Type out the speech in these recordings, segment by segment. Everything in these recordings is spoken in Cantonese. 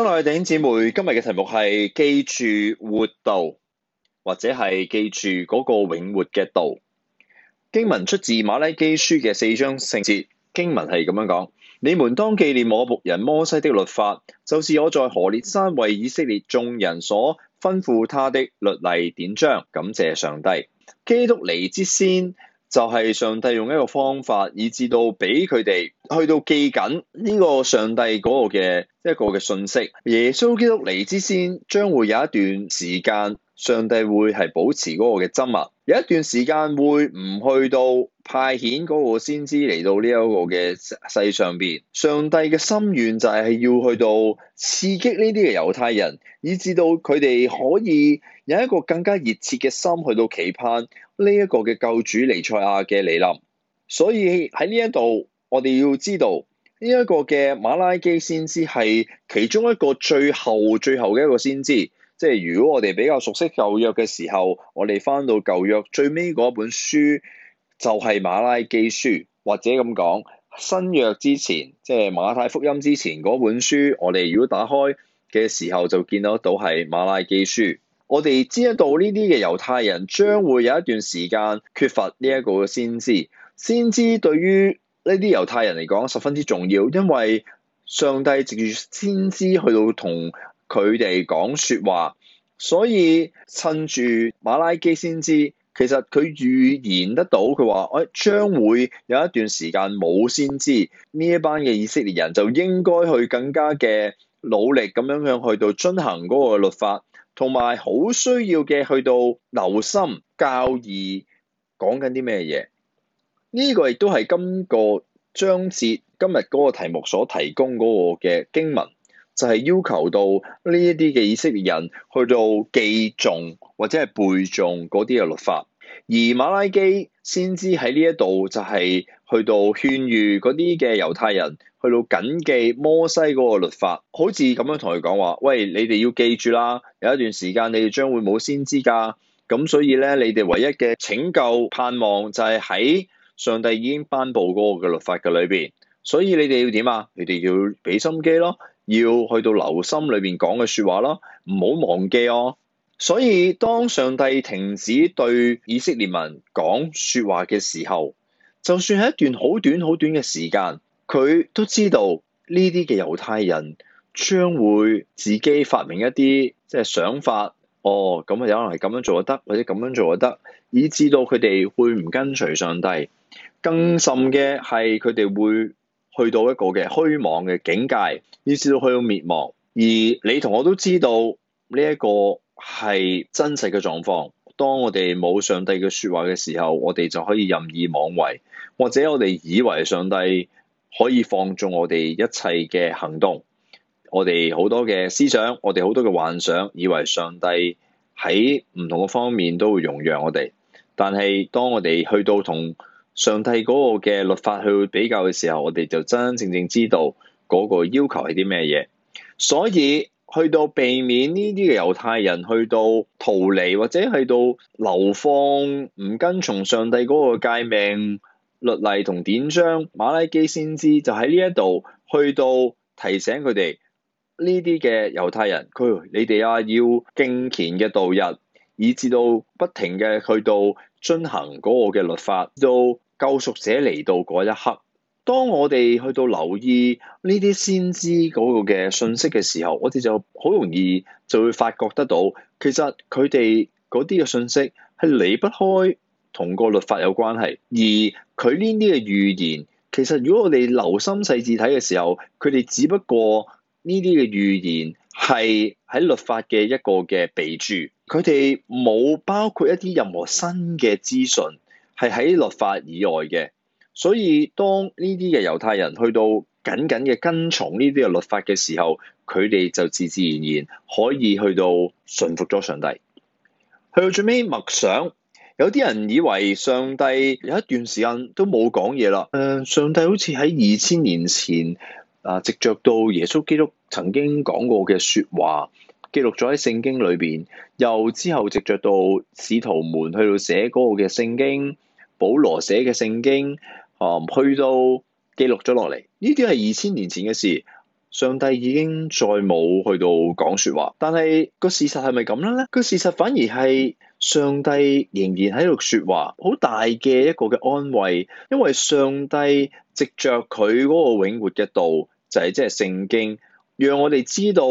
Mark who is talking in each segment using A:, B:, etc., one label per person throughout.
A: 親愛的弟兄姊妹，今日嘅題目係記住活道，或者係記住嗰個永活嘅道。經文出自馬拉基書嘅四章聖節，經文係咁樣講：你們當紀念我僕人摩西的律法，就是我在何烈山為以色列眾人所吩咐他的律例典章。感謝上帝，基督嚟之先。 就係上帝用一個方法，以致到俾佢哋去到記緊呢個上帝嗰個嘅一個嘅信息。耶穌基督嚟之前，將會有一段時間，上帝會係保持嗰個嘅緘默，有一段時間會唔去到派遣嗰個先知嚟到呢一個嘅世上邊。上帝嘅心願就係要去到刺激呢啲嘅猶太人，以致到佢哋可以有一個更加熱切嘅心去到期盼。呢一個嘅救主彌賽亞嘅嚟臨，所以喺呢一度，我哋要知道呢一個嘅馬拉基先知係其中一個最後最後嘅一個先知。即係如果我哋比較熟悉舊約嘅時候，我哋翻到舊約最尾嗰本書就係馬拉基書，或者咁講，新約之前，即係馬太福音之前嗰本書，我哋如果打開嘅時候就見到到係馬拉基書。我哋知道呢啲嘅猶太人將會有一段時間缺乏呢一個先知，先知對於呢啲猶太人嚟講十分之重要，因為上帝藉住先知去到同佢哋講説話，所以趁住馬拉基先知，其實佢預言得到佢話，我將會有一段時間冇先知，呢一班嘅以色列人就應該去更加嘅努力咁樣樣去到遵行嗰個律法。同埋好需要嘅，去到留心教義，講緊啲咩嘢？呢個亦都係今個章節今日嗰個題目所提供嗰個嘅經文，就係、是、要求到呢一啲嘅以色列人去到記誦或者係背誦嗰啲嘅律法。而馬拉基先知喺呢一度就係去到勸喻嗰啲嘅猶太人，去到謹記摩西嗰個律法，好似咁樣同佢講話：喂，你哋要記住啦，有一段時間你哋將會冇先知噶，咁所以咧，你哋唯一嘅拯救盼望就係喺上帝已經頒布嗰個嘅律法嘅裏邊，所以你哋要點啊？你哋要俾心機咯，要去到留心裏邊講嘅説話咯，唔好忘記哦。所以，當上帝停止對以色列民講說話嘅時候，就算係一段好短好短嘅時間，佢都知道呢啲嘅猶太人將會自己發明一啲即係想法。哦，咁啊，有可能係咁樣做就得，或者咁樣做就得，以至到佢哋會唔跟隨上帝。更甚嘅係，佢哋會去到一個嘅虛妄嘅境界，以至到去到滅亡。而你同我都知道呢一個係真實嘅狀況。當我哋冇上帝嘅說話嘅時候，我哋就可以任意妄為，或者我哋以為上帝可以放縱我哋一切嘅行動，我哋好多嘅思想，我哋好多嘅幻想，以為上帝喺唔同嘅方面都會容讓我哋。但係當我哋去到同上帝嗰個嘅律法去比較嘅時候，我哋就真真正正知道嗰個要求係啲咩嘢。所以。.去到避免呢啲嘅猶太人去到逃離或者去到流放，唔跟從上帝嗰個誡命律例同典章，瑪拉基先知就喺呢一度去到提醒佢哋呢啲嘅猶太人，佢，你哋啊要敬虔嘅度日，以至到不停嘅去到進行嗰個嘅律法，到救贖者嚟到嗰一刻。當我哋去到留意呢啲先知嗰個嘅信息嘅時候，我哋就好容易就會發覺得到，其實佢哋嗰啲嘅信息係離不開同個律法有關係。而佢呢啲嘅預言，其實如果我哋留心細緻睇嘅時候，佢哋只不過呢啲嘅預言係喺律法嘅一個嘅備註。佢哋冇包括一啲任何新嘅資訊係喺律法以外嘅。所以當呢啲嘅猶太人去到緊緊嘅跟從呢啲嘅律法嘅時候，佢哋就自自然然可以去到順服咗上帝。去到最尾默想，有啲人以為上帝有一段時間都冇講嘢啦。誒、呃，上帝好似喺二千年前啊，藉著到耶穌基督曾經講過嘅說話，記錄咗喺聖經裏邊，又之後藉著到使徒們去到寫嗰個嘅聖經，保羅寫嘅聖經。啊、嗯！去到記錄咗落嚟，呢啲係二千年前嘅事，上帝已經再冇去到講説話。但係個事實係咪咁樣咧？咧個事實反而係上帝仍然喺度説話，好大嘅一個嘅安慰。因為上帝藉着佢嗰個永活嘅道，就係即係聖經，讓我哋知道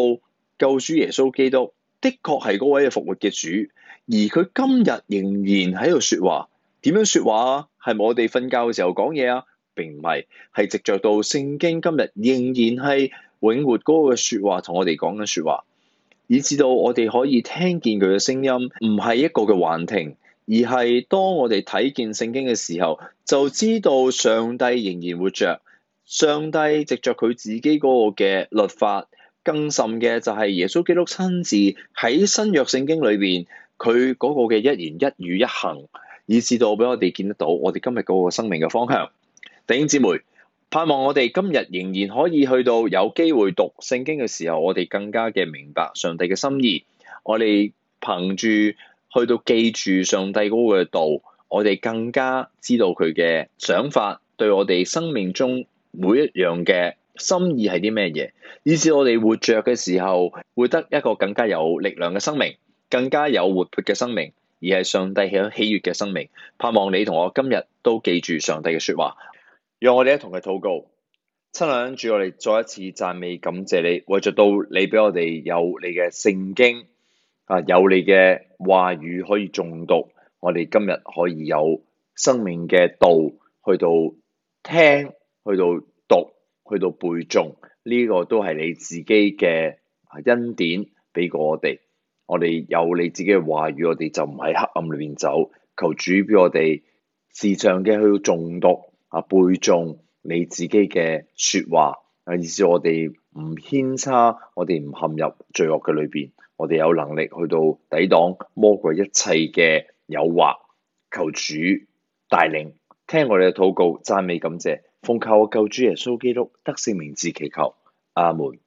A: 救主耶穌基督的確係嗰位嘅復活嘅主，而佢今日仍然喺度説話。點樣説話啊？係咪我哋瞓覺嘅時候講嘢啊？並唔係，係藉着到聖經今日仍然係永活嗰個説話，同我哋講緊説話，以至到我哋可以聽見佢嘅聲音，唔係一個嘅幻聽，而係當我哋睇見聖經嘅時候，就知道上帝仍然活着。上帝藉着佢自己嗰個嘅律法，更甚嘅就係耶穌基督親自喺新約聖經裏邊，佢嗰個嘅一言一語一行。以至到俾我哋見得到，我哋今日嗰個生命嘅方向，弟兄姊妹，盼望我哋今日仍然可以去到有機會讀聖經嘅時候，我哋更加嘅明白上帝嘅心意。我哋憑住去到記住上帝嗰個道，我哋更加知道佢嘅想法，對我哋生命中每一樣嘅心意係啲咩嘢，以至我哋活着嘅時候會得一個更加有力量嘅生命，更加有活潑嘅生命，而係上帝享喜悅嘅生命，盼望你同我今日都記住上帝嘅說話，讓我哋一同佢禱告，親眼主我哋再一次讚美感謝你，為著到你俾我哋有你嘅聖經啊，有你嘅話語可以誦讀，我哋今日可以有生命嘅道去到聽，去到讀，去到背誦，呢、呢個都係你自己嘅恩典俾我哋。我哋有你自己嘅話語，我哋就唔喺黑暗裏面走。求主俾我哋時常嘅去到誦讀啊背誦你自己嘅說話，啊意思我哋唔偏差，我哋唔陷入罪惡嘅裏邊，我哋有能力去到抵擋魔鬼一切嘅誘惑。求主帶領，聽我哋嘅禱告，讚美感謝，奉靠我救主耶穌基督得勝名字祈求，阿門。